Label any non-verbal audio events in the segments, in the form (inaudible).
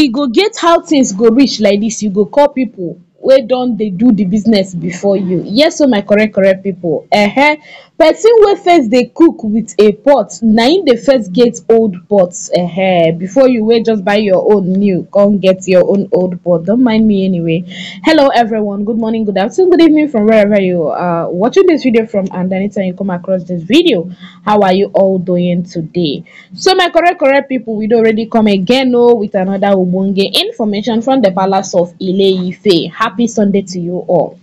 e go get how things go reach like dis you go call people. Where don't they do the business before you yes so oh my correct correct people um person where first they cook with a pot na him dey first get old pot um before you wait, just buy your own new come get your own old pot don't mind me anyway hello everyone good morning good afternoon good evening from wherever you are watching this video from and anytime you come across this video how are you all doing today so my correct correct people we would already come again oh with another ogbonge information from the palace of ile ife happy Sunday to you all.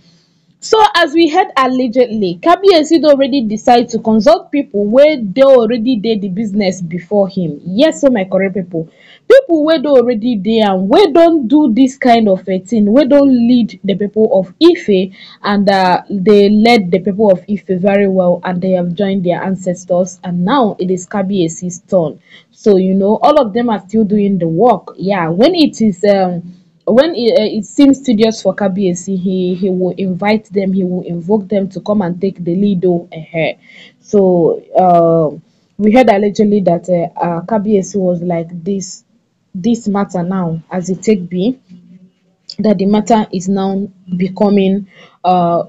So as we heard allegedly, Kabiyesi already decide to consult people where they already did the business before him. Yes, so my correct people. People where they already there and where don't do this kind of a thing, where don't lead the people of Ife and uh, they led the people of Ife very well and they have joined their ancestors and now it is Kabiyesi's turn. So, you know, all of them are still doing the work. Yeah, when it is... um when it, uh, it seems tedious for KBSC, he he will invite them, he will invoke them to come and take the lead. Oh, uh so uh, we heard allegedly that uh, uh, KBSC was like this this matter now, as it take be, that the matter is now becoming uh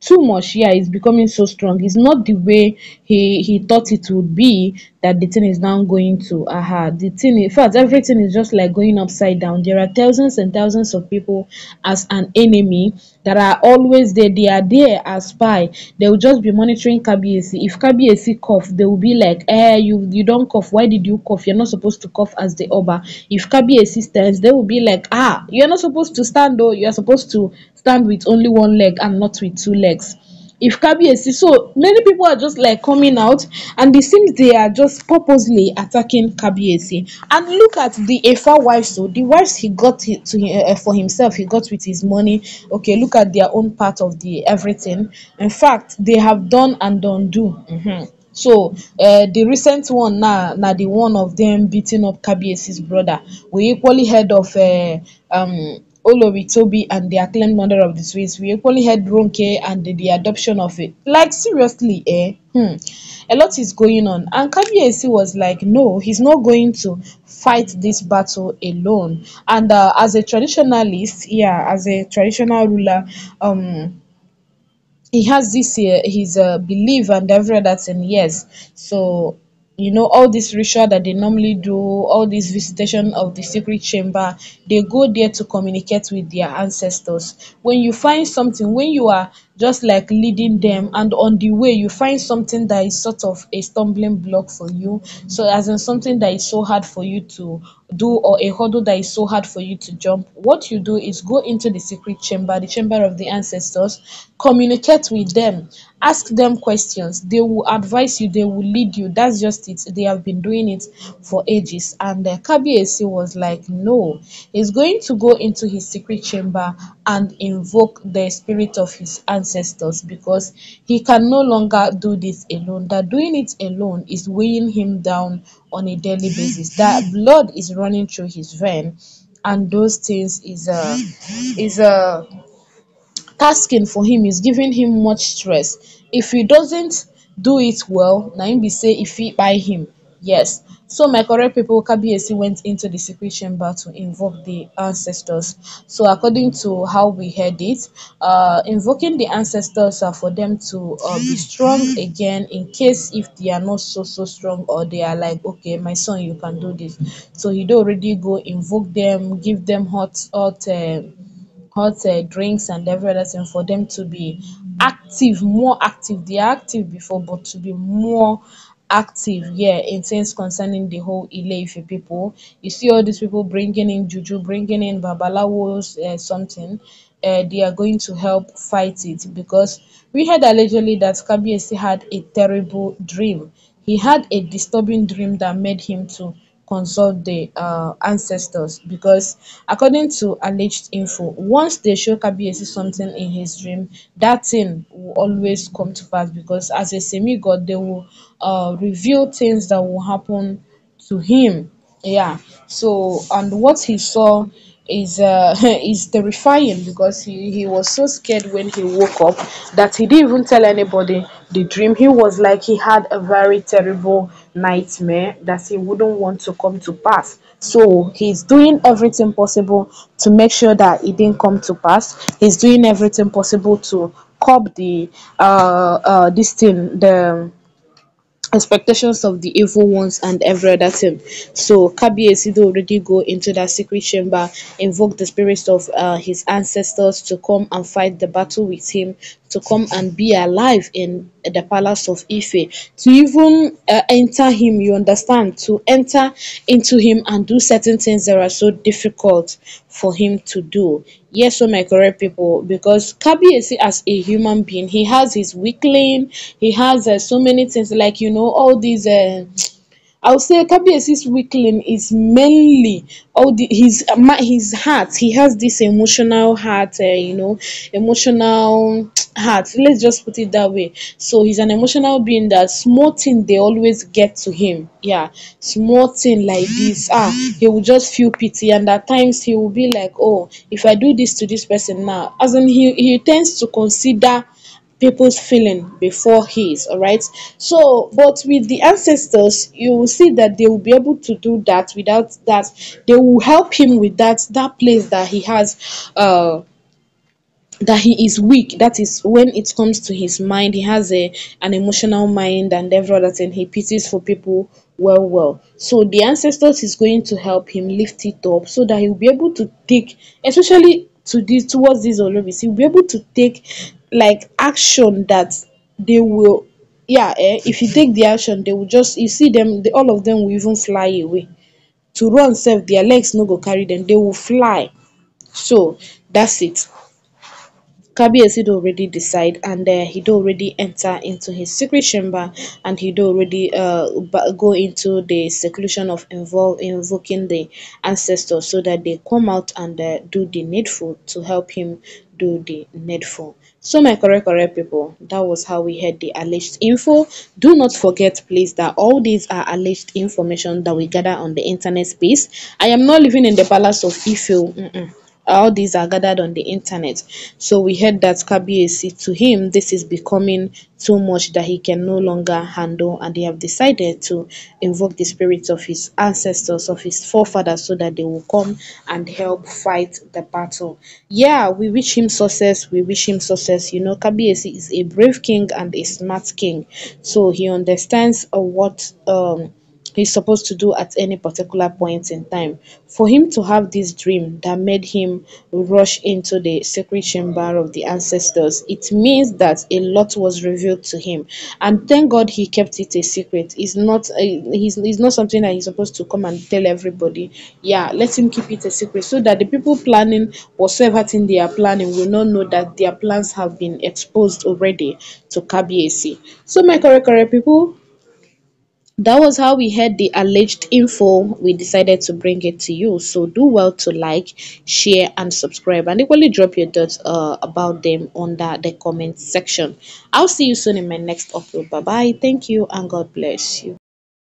too much. Yeah, it's becoming so strong. It's not the way he he thought it would be that the thing is now going to aha the thing in fact everything is just like going upside down there are thousands and thousands of people as an enemy that are always there they are there as spy they will just be monitoring KBC. if KBC cough they will be like eh you you don't cough why did you cough you're not supposed to cough as the oba if KBC stands they will be like ah you're not supposed to stand though you're supposed to stand with only one leg and not with two legs if Kabiesi. So many people are just like coming out and it seems they are just purposely attacking Kabiesi. And look at the Efa wives. So the wives he got to uh, for himself, he got with his money. Okay, look at their own part of the everything. In fact, they have done and do. Mm -hmm. So uh, the recent one now, now the one of them beating up Kabiesi's brother. We equally heard of uh, um Olowitobi and the acclaimed mother of the twins, we equally heard Ronke and the, the adoption of it. Like, seriously, eh? Hmm. A lot is going on. And Kabiesi was like, no, he's not going to fight this battle alone. And uh, as a traditionalist, yeah, as a traditional ruler, um, he has this uh, his uh, belief and every other thing yes so you know all this ritual that they normally do all this visitation of the secret chamber they go there to communicate with their ancestors when you find something when you are just like leading them and on the way you find something that is sort of a stumbling block for you so as in something that is so hard for you to do or a hurdle that is so hard for you to jump what you do is go into the secret chamber the chamber of the ancestors communicate with them ask them questions they will advise you they will lead you that's just it they have been doing it for ages and uh, was like no he's going to go into his secret chamber and invoke the spirit of his ancestors ancestors because he can no longer do this alone that doing it alone is weighing him down on a daily basis that blood is running through his vein and those things is a uh, is a uh, tasking for him is giving him much stress if he doesn't do it well na be say if he buy him Yes. So my correct people, Kabiesi went into the secret chamber to invoke the ancestors. So according to how we heard it, uh, invoking the ancestors are for them to uh, be strong again in case if they are not so so strong or they are like, okay, my son, you can do this. So he'd already go invoke them, give them hot hot uh, hot uh, drinks and everything for them to be active, more active. They are active before, but to be more active yeah in things concerning the whole ileife people. You see all these people bringing in juju, bringing in babalawos, uh, something. Uh, they are going to help fight it because we heard allegedly that Kabiesi had a terrible dream. He had a disturbing dream that made him to consult the uh, ancestors because, according to alleged info once dem show sees something in his dream that thing will always come to pass because, as a semi god, they will uh, reveal things that will happen to him Yeah. so and what he saw is uh (laughs) is terrifying because he he was so scared when he woke up that he didn't even tell anybody the dream he was like he had a very terrible nightmare that he wouldn't want to come to pass so he's doing everything possible to make sure that it didn't come to pass he's doing everything possible to curb the uh uh this thing the expectations of the evil ones and every other thing. So Kabiyesi do already go into that secret chamber, invoke the spirits of uh, his ancestors to come and fight the battle with him to come and be alive in the palace of Ife, to even uh, enter him, you understand, to enter into him and do certain things that are so difficult for him to do. Yes, so oh my correct people, because Kabiesi as a human being, he has his weakling, he has uh, so many things like, you know, all these... Uh, I'll say Kabiyesi's weakling is mainly all the his his heart. He has this emotional heart, uh, you know, emotional heart. Let's just put it that way. So he's an emotional being that small thing they always get to him. Yeah, small thing like this. Ah, he will just feel pity, and at times he will be like, oh, if I do this to this person now, as in he he tends to consider people's feeling before his all right so but with the ancestors you will see that they will be able to do that without that they will help him with that that place that he has uh that he is weak that is when it comes to his mind he has a an emotional mind and every other thing he pities for people well well so the ancestors is going to help him lift it up so that he'll be able to take especially to this towards this Olobis, he'll be able to take like action that they will yeah eh, if you take the action they will just you see them the, all of them will even fly away to run self their legs no go carry them they will fly so that's it Kabiyesi already decide and uh, he'd already enter into his secret chamber and he'd already uh, go into the seclusion of involve, invoking the ancestors so that they come out and uh, do the needful to help him do the needful. So my correct correct people, that was how we had the alleged info. Do not forget please that all these are alleged information that we gather on the internet space. I am not living in the palace of Ifil. Mm -mm all these are gathered on the internet. So we heard that KBAC to him this is becoming too much that he can no longer handle and they have decided to invoke the spirits of his ancestors, of his forefathers so that they will come and help fight the battle. Yeah, we wish him success. We wish him success. You know, KBAC is a brave king and a smart king. So he understands uh, what um he's supposed to do at any particular point in time. For him to have this dream that made him rush into the secret chamber of the ancestors, it means that a lot was revealed to him. And thank God he kept it a secret. It's not, uh, he's, it's not something that he's supposed to come and tell everybody. Yeah, let him keep it a secret so that the people planning whatsoever thing they are planning will not know that their plans have been exposed already to KBAC. So my correct, correct people, that was how we had the alleged info. We decided to bring it to you. So do well to like, share, and subscribe. And equally drop your thoughts uh, about them under the comment section. I'll see you soon in my next upload. Bye-bye. Thank you and God bless you.